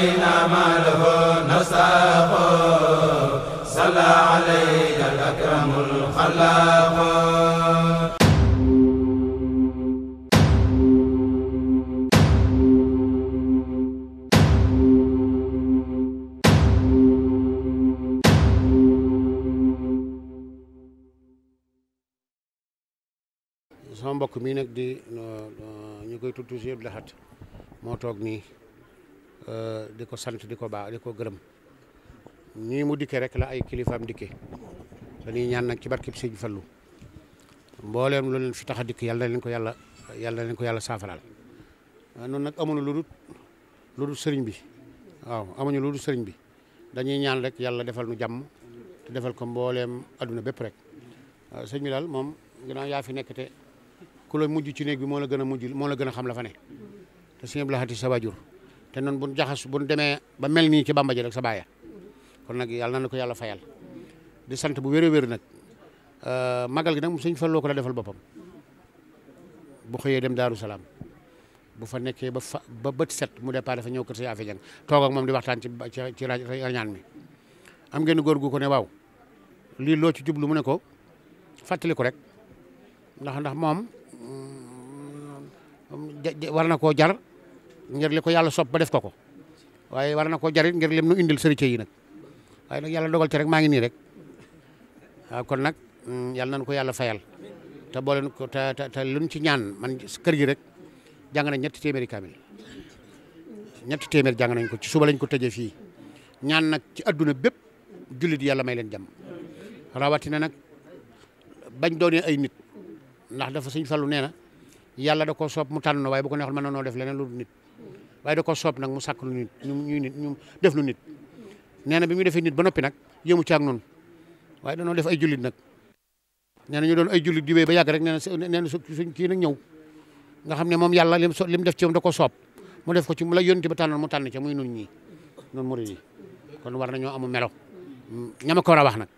sama mbokk mii nag di ñu koy tudd si Abdou Lahad moo toog nii Euh, di ko sant di ko baax di ko gërëm nii mu dikkee rek la ay kilifaam dikke dañuy ñaan nag ci barkeb Sëñ Fallu mbooleem lu leen tax a dikk yàlla leen ko yàlla yàlla leen ko yàlla saafaraal euh, noonu nag amuñu lu dul lu bi waaw amuñu lu bi dañuy ñaan rek yàlla defal nu jàmm te defal ko mbooleem adduna bépp rek euh, sëñ bi daal moom ginnaaw yaa fi nekk te ku la mujj ci néeg bi moo la gën a mujj moo la gën a xam la fa ne te sëñ bi laxati sa waajur te noonu bu ñu jaxas bu ñu demee ba mel nii ci bamba ji rek sa baaya kon nag yàlla na ko yàlla fayal di sant bu wér a wér nag euh, magal gi nag suñ fa loo ko la defal boppam bu xëyee dem Daaru Salaam bu fa nekkee ba fa ba bët set mu départ dafa ñëw kër sa yaafe jang toog ak moom di waxtaan ci ci rañaan mi am ngeen góor gu ko ne waaw lii loo ci jublu mu ne ko fàttali ko rek ndax ndax moom mm, war na koo jar ngir li ko yàlla sopp ba def ko ko waaye war na ko jariñ ngir lim nu indil sërite yi nag waaye nag yàlla dogal ci rek maa ngi nii rek waaw kon nag mm, yàlla nañu ko yàlla fayal te boole ko te te ci ñaan man kër gi rek jàng nañ ñetti téeméeri kaamil téeméer jàng nañ ko ci suba lañ ko tëjee fii ñaan nag ci adduna bépp jullit yàlla may leen jàmm rawatina nag bañ doonee ay nit ndax dafa suñ fallu nee na yàlla da ko soob mu tànn waaye bu ko neexul na noo def leneen lu dul nit waaye da ko soob nag mu sàkk lu nit ñu ñuy ñu def lu nit nee na bi mu defee nit ba noppi nag yëmu caak noonu waaye danoo def ay jullit nag nee ñu doon ay jullit di wéy ba yàgg rek nee na nee na suñ kii nag ñëw nga xam ne moom yàlla lim so lim def ci moom da ko soob mu def ko ci mu la yoon yónni ba tànnoon mu tànn ca muy nun ñii noonu murid yi kon war nañoo amu melo ñama ko war wax nag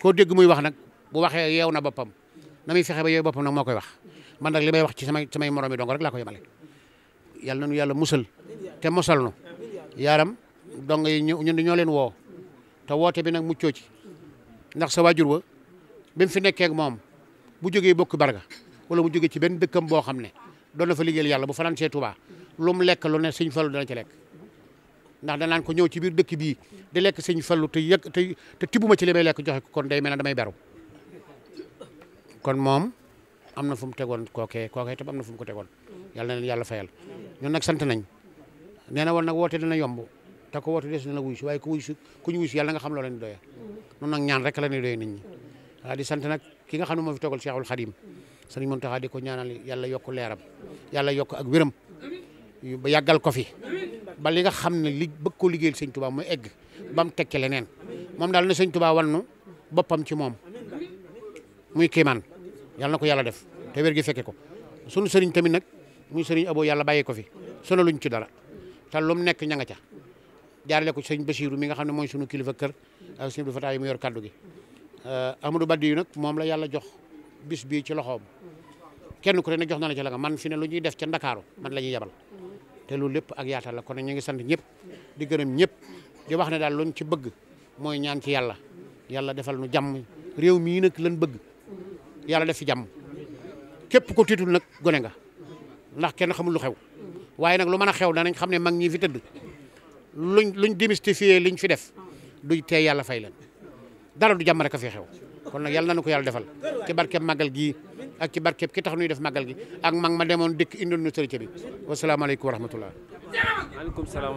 koo dégg muy wax nag bu waxee yeew na boppam na muy fexe ba yeew boppam nag moo koy wax man nag li may wax ci samay samay moroom yi dong rek laa ko yemale yal na nu yàlla musal te mosal nu yaaram dong yi ñun ñoo leen woo te woote bi nag muccoo ci ndax sa waajur wa bi mu fi nekkee moom bu jógee bokk barga wala mu jógee ci benn dëkkam boo xam ne doon na fa liggéeyal yàlla bu fanaan see Tuubaa lu mu lekk lu ne sëñ Fallu dana ci lekk ndax danaan ko ñëw ci biir dëkk bii di lekk sëñ Fallu te yëg te te ci li may lekk joxe ko kon day mel ne damay beru kon moom am na fu mu tegoon kookee kookee tam am na fu mu ko tegoon yàlla na leen yàlla fayal ñun nag sant nañ nee na woon nag woote dina yomb te ko woote des dina wuy si waaye ku wuy si ku ñu wuy si yàlla nga xam loo leen doyee noonu nag ñaan rek la ñuy doyee nit ñi di sant nag ki nga xam ne moo fi toogal Cheikhul Khadim sëriñ Mountakha di ko ñaanal yàlla yokk leeram yalla yokk ak wéram ba yàggal ko fi ba li nga xam ne li bëgg koo liggéeyal sëñ Touba mu egg ba mu tekki leneen moom daal na sëñ Touba wannu boppam ci moom muy kiimaan yàlla na ko yàlla def te wér gi fekke ko muy sëriñ Abo yàlla bàyyi ko fi solo luñ ci dara te lu mu nekk ña nga ca jaarale ko sëriñ Basiiru mi nga xam ne mooy sunu kilifa kër ak sëriñ Abdou Fatah yi mu yor kaddu gi eh, a Badji yu nag moom la yàlla jox bis bi ci loxoom kenn ku ne jox na la ci la man fi ne lu ñuy def ca Ndakaaru man la ñuy yabal te loolu lépp ak yaatal la kon ñu ngi sant ñëpp di gërëm ñëpp di wax ne daal luñ ci bëgg mooy ñaan ci yàlla yàlla defal nu jàmm réew mii nag lan bëgg yàlla def fi jàmm képp ko tiitul nag gone nga ndax kenn xamul lu xew waaye nag lu mën a xew danañ xam ne mag ñi fi tëdd luñ luñ démystifier liñ fi def du te yàlla fay leen dara du jàmm rek a fi xew kon nag yàlla nañu ko yàlla defal ci barkeb màggal gii ak ci barkeb ki tax ñuy def màggal gi ak mag ma demoon dëkk indil ñu sëriñ bi wasalaamaaleykum wa rahmatullah. salaam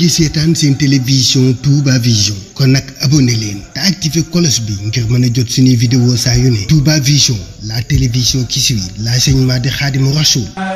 bëgg seetaan seen télévision Touba Vision kon nag abonné leen te activé cloche bi ngir mën a jot suñuy vidéo saa yu ne Touba Vision la télévision qui suit l'enseignement di Khadimou Rassoul